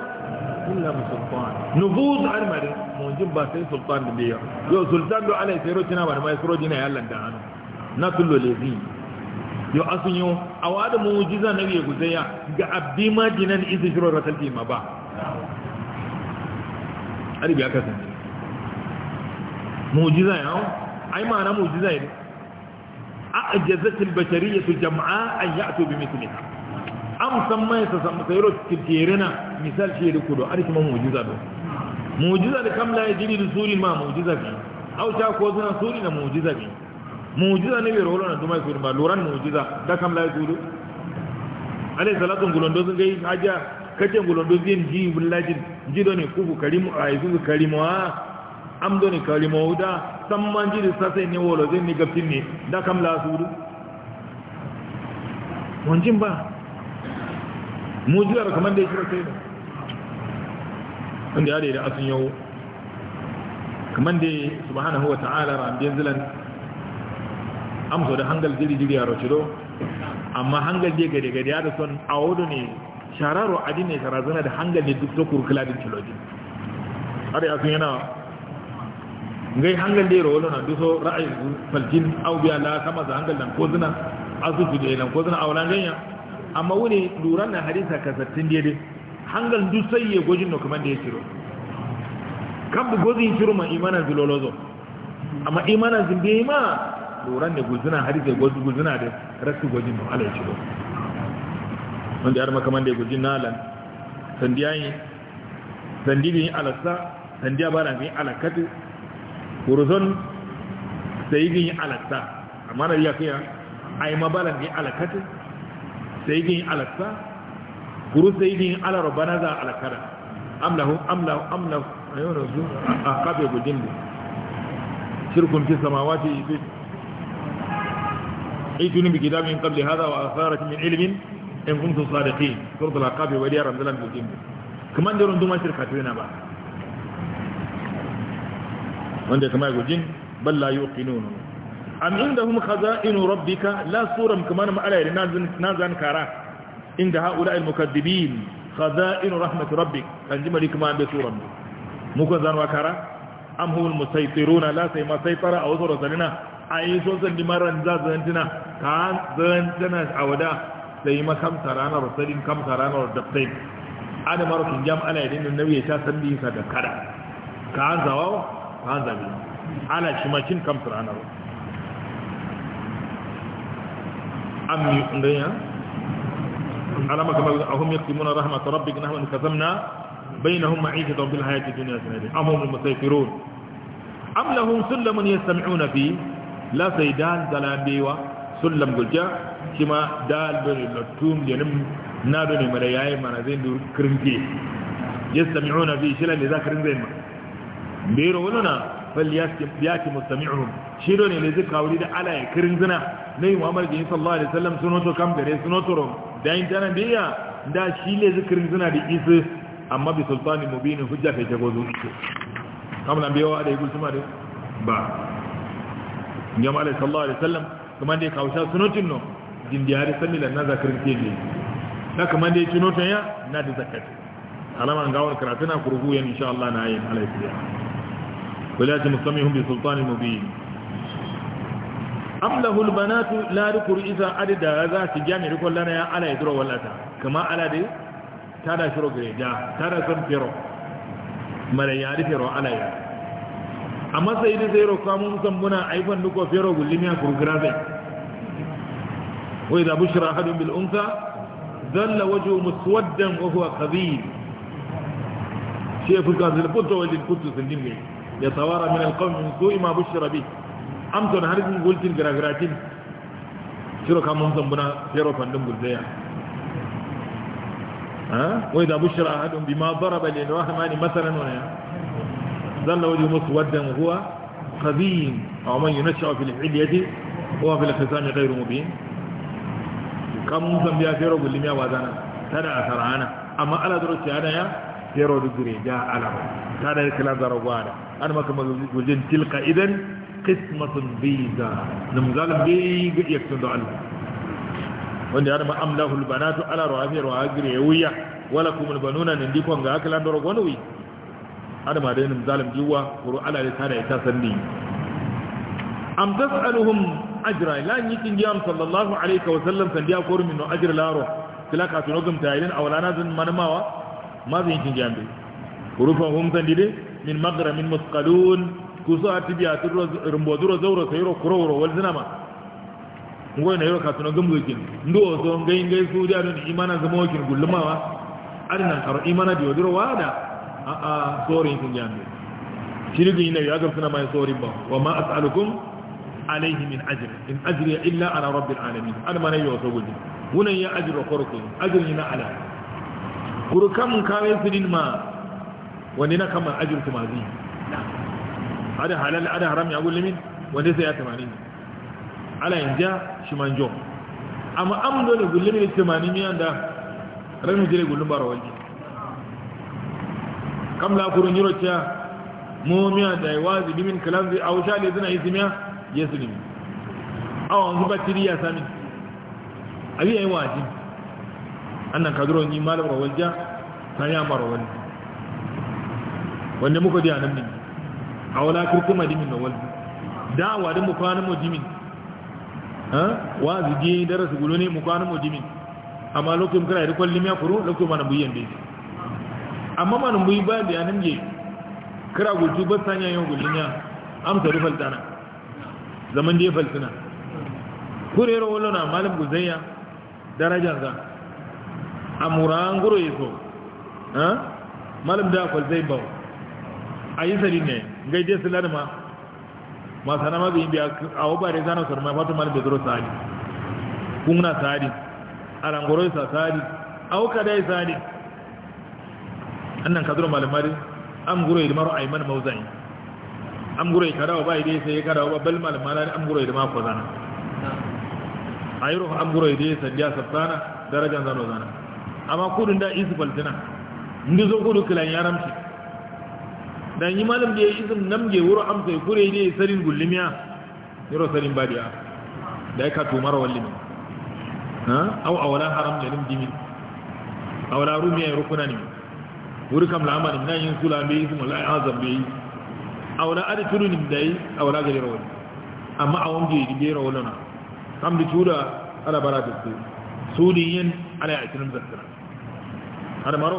إلا بسلطان نفوذ على ما موجب باسي سلطان بيا يو سلطان دو علي سيرو تنا ما يسرو جنا يلا دانا نطلو لذين يو أسنيو أواد موجزة نبي يقزيا قعبي ما جنان إذا شرو رسلتي ما با أري بيا كسن موجزة يو أي ما أنا موجزة يلي أعجزت البشرية الجمعاء أن يأتوا بمثلها amsan mai sa sam sayro kirkirina misal shi da kudo ari kuma mu'jiza do mu'jiza da kam la yajiri rasuli ma mu'jiza bi au ta ko suna suri na mu'jiza bi mu'jiza ne bi rolo na duma ko ma? loran mu'jiza da kam la yajiri alai salatun gulondo sun gai haja kace gulondo zin ji billahi ji do ne kubu karimu aizu karimu am do ne karimu da samman ji da sasai ne wolo zin ni gafin ne da kam la suru wanjin ba mujiyar kamar da ya kira sai da wanda ya daidai asun yau kamar da ya subhanahu wa ta'ala rambiyan zilan amso da hangal jiri-jiri a rochido amma hangal je gade-gade ya da son a wadu ne shararo adi ne sharazana da hangal ne duk zokur kiladin ciloji har ya sun yana ngai hangal da ya rawo duk so ra'ayin falcin au biya la kama za hangal nan ko zina asusu da ya nan ko zina a wulan ganyan amma wani lura na hadisa ka sattin daidai hangal duk sai ya gojin no kamar da ya ciro kan bu gojin ciro ma imanar zilolozo amma imanar zimbe ma luran da guzuna harisa gojin guzuna da rasu gojin da ala ya ciro wanda yar makaman da na nalan sandiyayi sandibin alasa sandiya bara mai alakatu wurzon sai yi alasa amma na riya kai yi mabalan ne alakatu sayidin alaksa guru sayidin ala rabbana za alakara amlahu amlahu amlahu ayo razu a kafe gudin ne shirkun fi samawati fi aituni bi kitabin qabli hadha wa atharat min ilmin in kuntum sadiqin surah al-aqab wa diyar ramdalan gudin kuma da runduma shirka to yana ba wanda kuma gudin am indahum khaza'inu rabbika la suram kama na ma'ala yadda nazan kara inda haula al-mukaddibin khaza'inu rahmat rabbik kan ji malik ma be suram muka zanwa kara am humul musaytiruna la sai ma saytara aw zura zalina ayi so san di maran za zantina ka zantina awada sai ma kam tarana rasulin kam tarana dabtain ana marakin jam ana yadda nabi ya ta sandi ka da kara ka an zawawa ka an zabi ana shi ma kin kam tarana rasulin am ndaya alama kama ahum yaktumuna rahmat rabbik nahnu kasamna bainahum ma'ishatan fil hayati dunya sanadi amhum musafirun am lahum sulamun yastami'una fi la saydan zalambiwa sulam gulja kima dal bin latum yanim nado ne mala yayi mana zai dur kirinke yastami'una fi shila ne zakarin zai ma biro wala na falyati mustami'uhum shi ne ne zai kawuri da ala ya kirin zina yi muhammad bin sallallahu alaihi wasallam sunoto kam gare sunoto da yin tana biya da shi ne zai kirin zina da isu amma bi sultani mubinin hujja kai jago zo shi kamar an biyawa da igul tuma da ba jama'a alaihi sallallahu alaihi wasallam kuma dai kawusha sunotin no din diyari sallallahu na zakirin keji da kuma dai sunotin ya na da zakat alama an gawar karatuna kurhu yan insha Allah na yin alaihi ولا تمسمهم بسلطان مبين أم له البنات لا ذكر إذا عدد هذا تجامع كل لنا على يدرو ولا تا كما على دي ترى شروع جا ترى سن فيرو مليار فيرو على يا أما سيد سيرو كامون سمبنا أيضا نكو فيرو قلنا كرغرازي وإذا بشر أحد بالأنثى ذل وجهه مسودا وهو خبيث شيء في الكاذب قلت ولد قلت سندم يتوارى من القوم من سوء ما بشر به أمتن هرزن قلتن قراغراتين شرو كان ممتن بنا شرو فندم قلتيا ها وإذا بشر أحدهم بما ضرب للرحمن مثلا ولا ظل وجه مسودا وهو قديم أو من ينشأ في الحلية هو في الخصام غير مبين كم ممتن بها شرو قل لميا وادانا تدعى سرعانا أما ألا درسي أنا يا شرو دقري جاء ألم هذا الكلام ضربوانا ana maka wajen tilka idan qismatun biza na misalin bai ga iya da Allah wanda yana ma'amlahu albanatu ala rawafi rawagir ya wuya wala kuma albanuna ne dikon ga akalan da ragwanawi ana ma da yin misalin jiwa kuru ala da tana ita sanni am tas'aluhum ajra la yikin jam sallallahu alaihi wa sallam kan dia koru min ajra la ro kila ka tuno gum tayilin awlana zan manmawa ma zan yikin jam bi kurufahum kan dide min maghramin musqalun kuso atibi atur rumboduro zawro sayro kurowro walzinama ngoy na yoka tuno gumgin ndo so ngai su suudi adon imana zamo kin wa? adina karo imana di oduro wada a a sori kun jambe shirigi ina ya gamsu na mai sori ba wa ma as'alukum alayhi min ajr in ajri illa ala rabbil alamin almana yo so gudi wunan ya ajru korko ajri na ala kam kawai sidin ma wani na kama ajin kuma zai ada halal ada haram ya gulli min wanda sai ya tamanin ala ja shi manjo amma am dole gulli min tamani miyan da ranar jire gullun bara walji kam la kurun yiro cha mu'mina da wazi limin kalan zai wuce shali zina ismiya yaslim aw an zuba ya sami abi ayi wajin annan kadron yi malam rawalja ta ya marawalja wanda muka ji anan ne a wala kuma dimin na walbi da'awa da mu kwanan mu ha wa zige darasu gulo ne mu kwanan mu amma lokacin kira da kwallin ya furo lokacin mana buyi buyan dai amma mana buyi ba da anan ne kira gultu ba sanya yau gullin ya amsa rufal dana zaman da ya Kure kurero wallo na malam guzayya darajar za a muran guro ya so malam da kwal zai bawa ayin ne. ngai de silanma ma sanama bi biya awo bare zana sarma fatu mal bedro sadi kungna sadi arangoro sa sadi awo dai sari annan kadro malamari am guro ilmaru ayman mauzani am guro kada ba ide sai kada ba bal malamari am guro ilma ko zana ayro am guro ide sandiya sabtana darajan zano zana amma kudin da isu baltina zo kudu kilan yaramci dan yi malam da ya izin namge ge wuro amsa ya kure ne sarin gullumiya. yaro sarin badiya da ya kato mara wallin ha Au awala haram ne nim dimi awala rumiya rukuna ne wuri kam lama ne nan yin sula be izin wallahi azab be awala ari tulu ne dai awala gari rawal amma awon ge di be na kam di tuda ala da su yin ala ya'tinum zakara har maro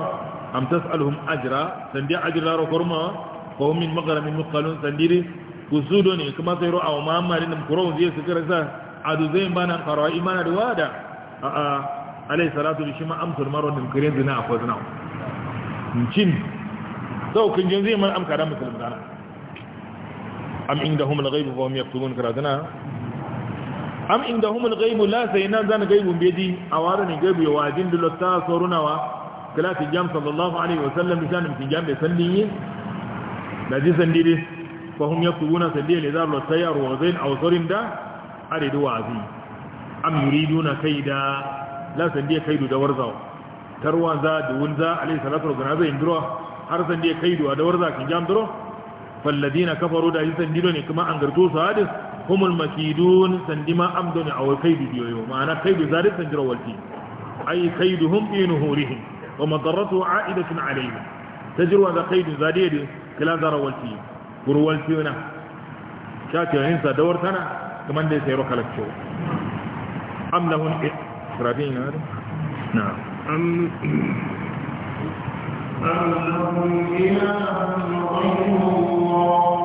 am tas'aluhum ajra sandi ajra ro korma ko min magarami mutqalun sandiri kusudo ne kuma sai ru'a wa mamari nan kurawu zai su kira bana qara imana da wada a a alayhi salatu bi shima amsur maru min kirin dina a fazna min sau kun zai man amkara musulmi dana am indahum alghayb wa hum yaktubun karadana am indahum alghayb la sayna zan ghaybun bidi awara ne ghaybu ya wajin dulatta sorunawa kala fi sallallahu alaihi wa sallam bi shanin fi be sallin yi Daji najisan dide fa hum yaktubuna sadiya li zarra tayyar wa zain aw sarin da aridu wa azi am yuriduna kaida la sandiya kaidu da warzawa. tarwa za da wunza alayhi salatu wa ganaza indro har sandiya kaidu da warza kan jam duro falladina kafaru da daji dido ne kuma an garto su hadis humul makidun sandima amdun aw kaidu biyoyo ma'ana kaidu zarit sandira walti ay kaiduhum fi nuhurihim ومضرته Ta عليهم تجروا هذا قيد زاديد kila da rawalti gurwalti na shake hinsa dawar tana kaman da sai rokala ce am lahun israfin na na am am lahun ilahun ghayru Allah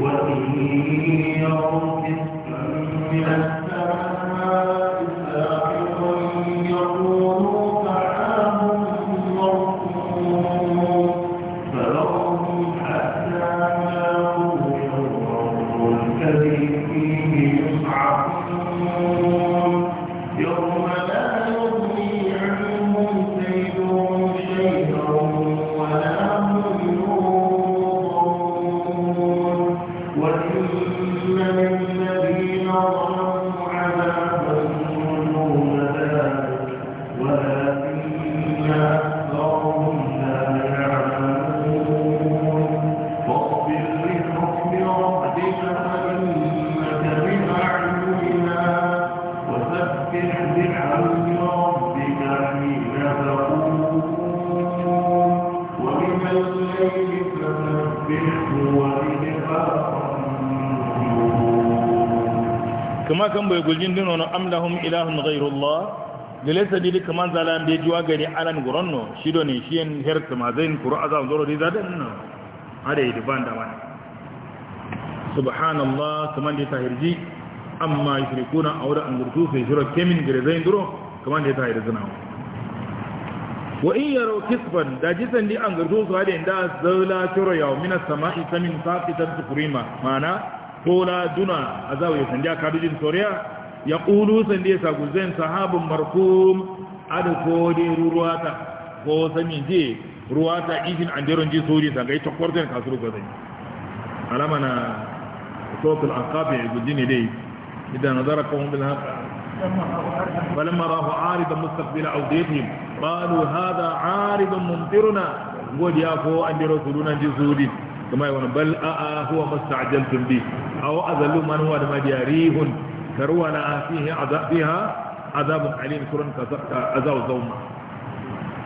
وإن يروا من السماء kano amlahum ilahun ghairullah lilaysa dili kaman zala be juwa gari alan guranno shido ne shi en herta ma zain qur'a zoro riza dinno ade idi subhanallah kaman dai tahirji amma yushrikuna awra an gurtu fi zura kemin gare zain duro kaman dai tahir zina wa in yaro kisban da jisan di an gurtu su hade inda zala kiro ya min samai samin saqitan tukrima mana kola duna azawi sanja kadujin soriya ya ƙulu san da ya sagu zan sahabin markum ada ko ne ruwata, ta ko sami je ruwata ta izin an jiran ji sori ta ga ita kwarton kasuru ga zai alama na sokul an kafin ya guji ne dai idan na zara kawon bin haka balin mara ku ariban mustaqbil audiyatim qalu hada ariban mumtiruna godiya ko an jiran suruna ji sori kuma yawan bal a'a huwa mustajjal bi aw azallu man huwa da madiyarihun تروى لها فيه عذاب فيها عذاب عليم كرن كذا زوما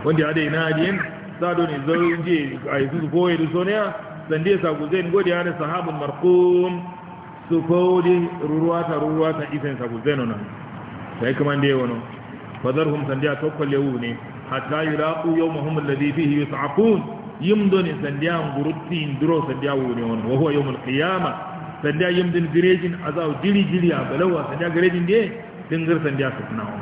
وندي عليه نادين سادون زوجي عايزين بوي لسونيا سندي ساغوزين غودي انا صحاب مرقوم سكودي رورواتا رورواتا ايفن ساغوزينونا sai kuma da yawa no fadarhum sandiya tokkol yawu ne hatta yuraqu yawmahum alladhi fihi yus'aqun yimdoni sandiya ngurutti indro sandiya sanda din girejin azau diri diri a balawa sanda girejin de dingar sanda ka kunawa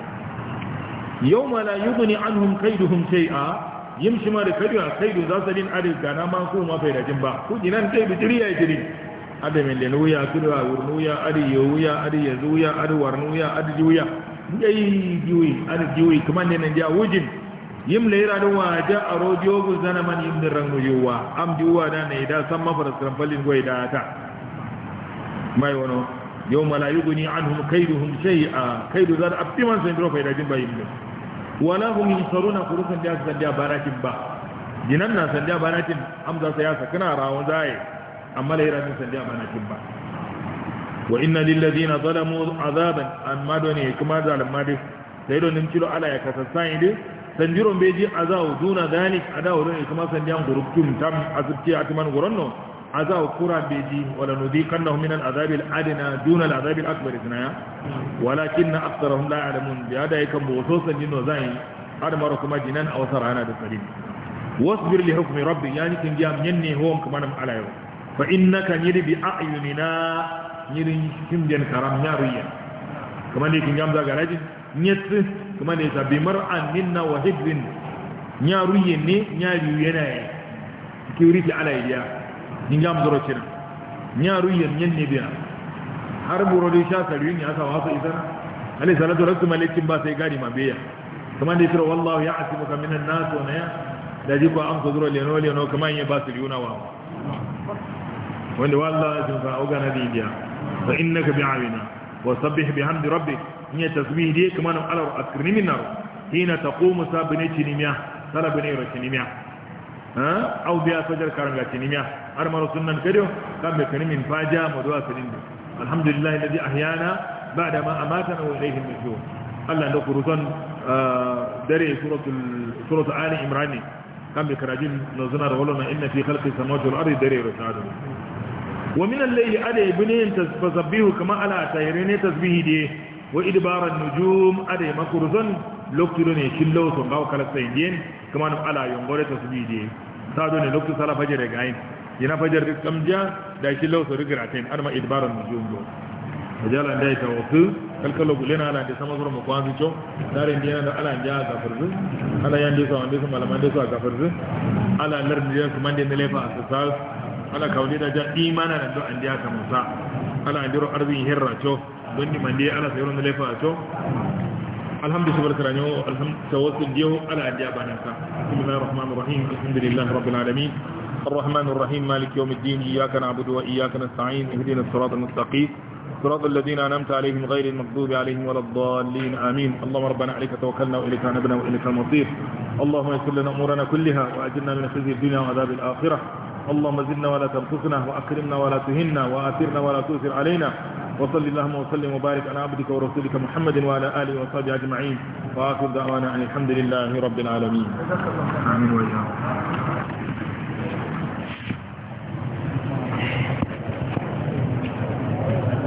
yawma la yughni anhum kaiduhum shay'a yimshi ma da kaidu kaidu za su din adil kana ma ko ma bai rajin ba ku jinan kai bi diri ya diri adamin da nuya kudwa wurnuya adi yawuya adi yazuya adi warnuya adi juya yayi juyi adi juyi kuma ne nan ja wujin yim leira da waja a rodiyo guzana man yim da rangujewa am juwa da ne da san mafarar fallin gwai da ta mai wono yawma la yughni anhum kai shay'a kaydu abdiman abtiman sen ro fayda din bayin din wala tsaro na kuru da san da barakin ba jinan na san da barakin amza sa ya sakana rawon zai amma la yaran san da barakin ba wa inna lil ladina zalamu azaban amma ne kuma zalama dai sai don nim cilo ala ya kasassan ide sanjiron beji azawu duna a dawo don kuma sanjan gurukun tam tuman gurun nan عذاب قرى بيجي ولنذيقنهم من العذاب الأدنى دون العذاب الأكبر إثناء آية. ولكن أكثرهم لا يعلمون بهذا يكون بخصوصا جنو زين هذا ما ركما جنان أو سرعنا بالسليم واصبر لحكم ربي يعني كن جام يني هوم كمان على يوم فإنك نيري بأعيننا نيري كم جن كرام ناريا كمان يكن جام ذا غراج نيت كمان يسا بمرعا منا وهجر ناريا ني ناريا ناريا كيوريتي على يديا ningam zoro kina nyaru yen nyen ne biya har buro de sha sari ni aka wasa isana alai salatu rasul malikin ba sai gadi ma biya kuma da tiro wallahu ya'simuka minan nas wa ya da ji ko an ko zoro leno leno kuma yin ba su yuna wa wanda wallahi jin fa oga na biya fa innaka bi'awina wa sabbih bihamdi rabbik ni tasbih dai kuma nan alar askirni min nar hina taqumu sabinati nimiya talabni rakinimiya أو بيا فجر كارم قاتيني ميا أرما رسولنا نكريو كم يكني من فاجا مدوا سنين الحمد لله الذي أحيانا بعدما أماتنا وإليه النشور الله لو كرسان آه، دري سورة سورة آل إمراني كم يكراجين نزنا رغلنا إن في خلق السماوات والأرض دري رسالة ومن الليل أدي بنين فصبيه كما على تهريني تسبيه دي وإدبار النجوم أدي مكرسان loktudo ne killo so ngaw kala sayndien kuma no ala yo ngore to subidi do ne loktu sala ga gayin yana fajar duk kamja da killo so tin arma idbaran nujum do ajala ndai ta wofu kalkalo gulena ala da sama zoro mo kwanzu cho dare ndiyana da ala nja ga furzu ala yande so ande su malama de so ga furzu ala lar ndiya kuma de ne lefa sa ala kawli da ja imana da do andiya musa ala ndiro arzin hirra cho don mande ala sayron lefa cho الحمد سبحانه كرانيو الحمد توسل ديو على أجابنا بسم الله الرحمن الرحيم الحمد لله رب العالمين الرحمن الرحيم مالك يوم الدين إياك نعبد وإياك نستعين اهدنا الصراط المستقيم صراط الذين أنعمت عليهم غير المغضوب عليهم ولا الضالين آمين اللهم ربنا عليك توكلنا وإليك نبنا وإليك المصير اللهم يسر لنا أمورنا كلها وأجلنا من خزي الدنيا وعذاب الآخرة اللهم زدنا ولا تنقصنا وأكرمنا ولا تهنا وآثرنا ولا تؤثر علينا وصل اللهم وسلم وبارك على عبدك ورسولك محمد وعلى آله وصحبه أجمعين وآخر دعوانا أن الحمد لله رب العالمين آمين وإياكم